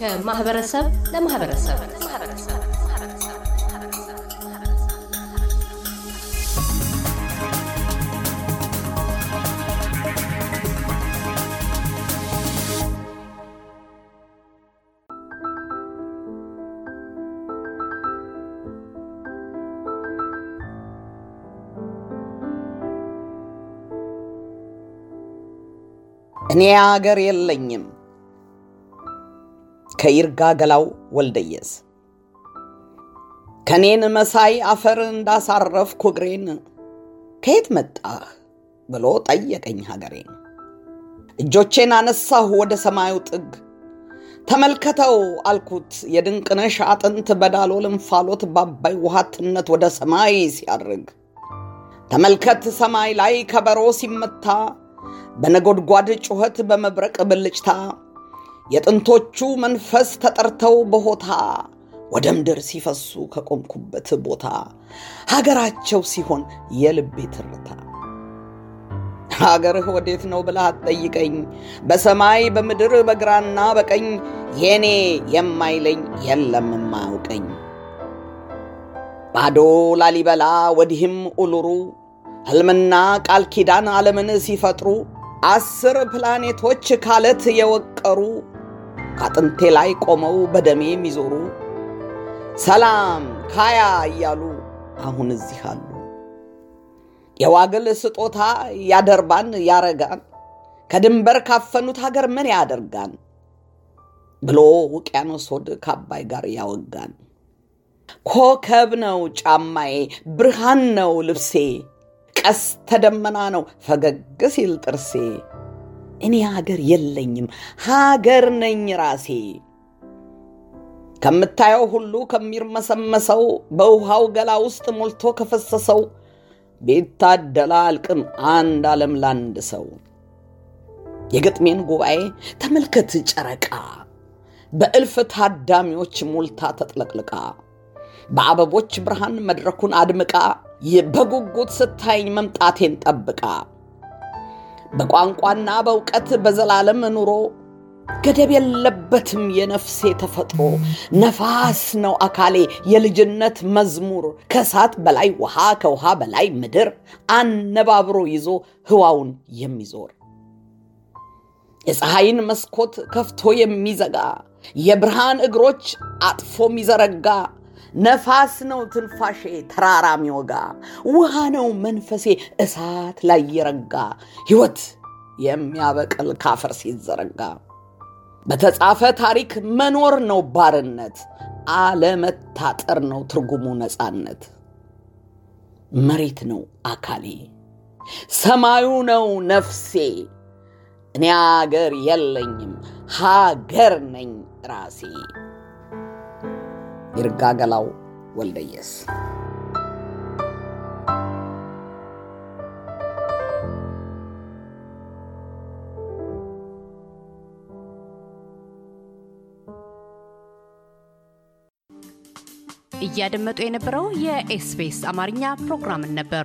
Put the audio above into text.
ከማህበረሰብ ለማህበረሰብ እኔ አገር የለኝም። ከይርጋ ገላው ወልደየስ ከኔን መሳይ አፈር እንዳሳረፍ ኩግሬን ከየት መጣህ ብሎ ጠየቀኝ ሀገሬን። እጆቼን አነሳሁ ወደ ሰማዩ ጥግ ተመልከተው አልኩት የድንቅነሽ አጥንት በዳሎል እንፋሎት ባባይ ውሃትነት ወደ ሰማይ ሲያርግ ተመልከት ሰማይ ላይ ከበሮ ሲመታ በነጎድጓድ ጩኸት በመብረቅ ብልጭታ የጥንቶቹ መንፈስ ተጠርተው በሆታ ወደ ምድር ሲፈሱ ከቆምኩበት ቦታ ሀገራቸው ሲሆን የልቤ ትርታ። ሀገርህ ወዴት ነው ብለህ አትጠይቀኝ፣ በሰማይ በምድር በግራና በቀኝ የኔ የማይለኝ የለም የማያውቀኝ። ባዶ ላሊበላ ወዲህም ኡሉሩ ህልምና ቃል ኪዳን ዓለምን ሲፈጥሩ አስር ፕላኔቶች ካለት የወቀሩ ከአጥንቴ ላይ ቆመው በደሜ የሚዞሩ ሰላም ካያ እያሉ አሁን እዚህ አሉ። የዋግል ስጦታ ያደርባን ያረጋን ከድንበር ካፈኑት ሀገር ምን ያደርጋን ብሎ ውቅያኖስ ወድ ከአባይ ጋር ያወጋን። ኮከብ ነው ጫማዬ፣ ብርሃን ነው ልብሴ ቀስተ ደመና ነው ፈገግ ሲል ጥርሴ። እኔ ሀገር የለኝም ሀገር ነኝ ራሴ። ከምታየው ሁሉ ከሚርመሰመሰው በውሃው ገላ ውስጥ ሞልቶ ከፈሰሰው ቤታደላ አልቅም አንድ ዓለም ላንድ ሰው። የግጥሜን ጉባኤ ተመልከት ጨረቃ በእልፍ ታዳሚዎች ሞልታ ተጥለቅልቃ በአበቦች ብርሃን መድረኩን አድምቃ በጉጉት ስታይኝ መምጣቴን ጠብቃ በቋንቋና በእውቀት በዘላለም ኑሮ ገደብ የለበትም የነፍሴ ተፈጥሮ። ነፋስ ነው አካሌ የልጅነት መዝሙር ከእሳት በላይ ውሃ ከውሃ በላይ ምድር አነባብሮ ይዞ ህዋውን የሚዞር የፀሐይን መስኮት ከፍቶ የሚዘጋ የብርሃን እግሮች አጥፎ የሚዘረጋ ነፋስ ነው ትንፋሼ ተራራ ሚወጋ፣ ውሃ ነው መንፈሴ እሳት ላይ ይረጋ፣ ሕይወት የሚያበቅል ካፈር ሲዘረጋ። በተጻፈ ታሪክ መኖር ነው ባርነት፣ አለመታጠር ነው ትርጉሙ ነፃነት። መሬት ነው አካሌ፣ ሰማዩ ነው ነፍሴ። እኔ አገር የለኝም ሀገር ነኝ ራሴ። ይርጋገላው ወልደየስ እያደመጡ የነበረው የኤስፔስ አማርኛ ፕሮግራምን ነበር።